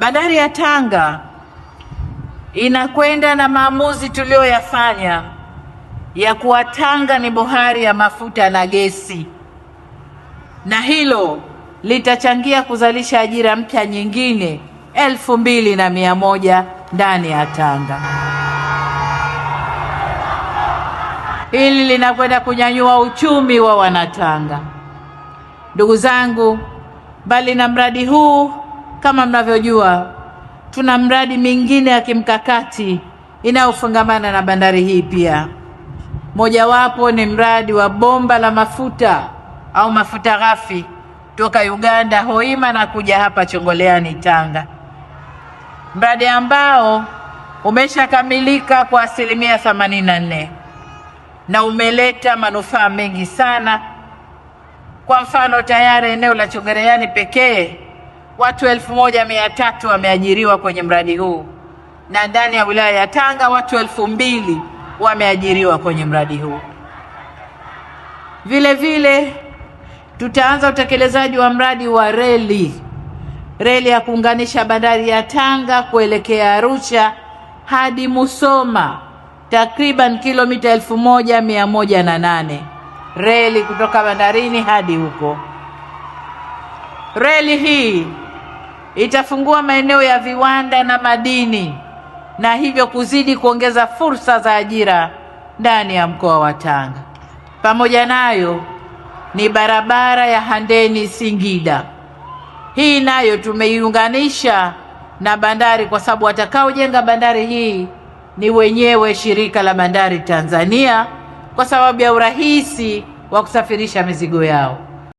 Bandari ya Tanga inakwenda na maamuzi tuliyoyafanya ya kuwa Tanga ni bohari ya mafuta na gesi, na hilo litachangia kuzalisha ajira mpya nyingine elfu mbili na mia moja ndani ya Tanga. Hili linakwenda kunyanyua uchumi wa Wanatanga. Ndugu zangu, mbali na mradi huu kama mnavyojua tuna mradi mingine ya kimkakati inayofungamana na bandari hii pia. Mojawapo ni mradi wa bomba la mafuta au mafuta ghafi toka Uganda Hoima na kuja hapa Chongoleani Tanga, mradi ambao umeshakamilika kwa asilimia 84 na umeleta manufaa mengi sana. Kwa mfano, tayari eneo la Chongoleani pekee watu elfu moja mia tatu wameajiriwa kwenye mradi huu na ndani ya wilaya ya Tanga watu elfu mbili wameajiriwa kwenye mradi huu. Vile vile tutaanza utekelezaji wa mradi wa reli, reli ya kuunganisha bandari ya Tanga kuelekea Arusha hadi Musoma, takriban kilomita elfu moja mia moja na nane reli kutoka bandarini hadi huko. Reli hii itafungua maeneo ya viwanda na madini na hivyo kuzidi kuongeza fursa za ajira ndani ya mkoa wa Tanga. Pamoja nayo ni barabara ya Handeni Singida. Hii nayo tumeiunganisha na bandari kwa sababu watakaojenga bandari hii ni wenyewe shirika la bandari Tanzania kwa sababu ya urahisi wa kusafirisha mizigo yao.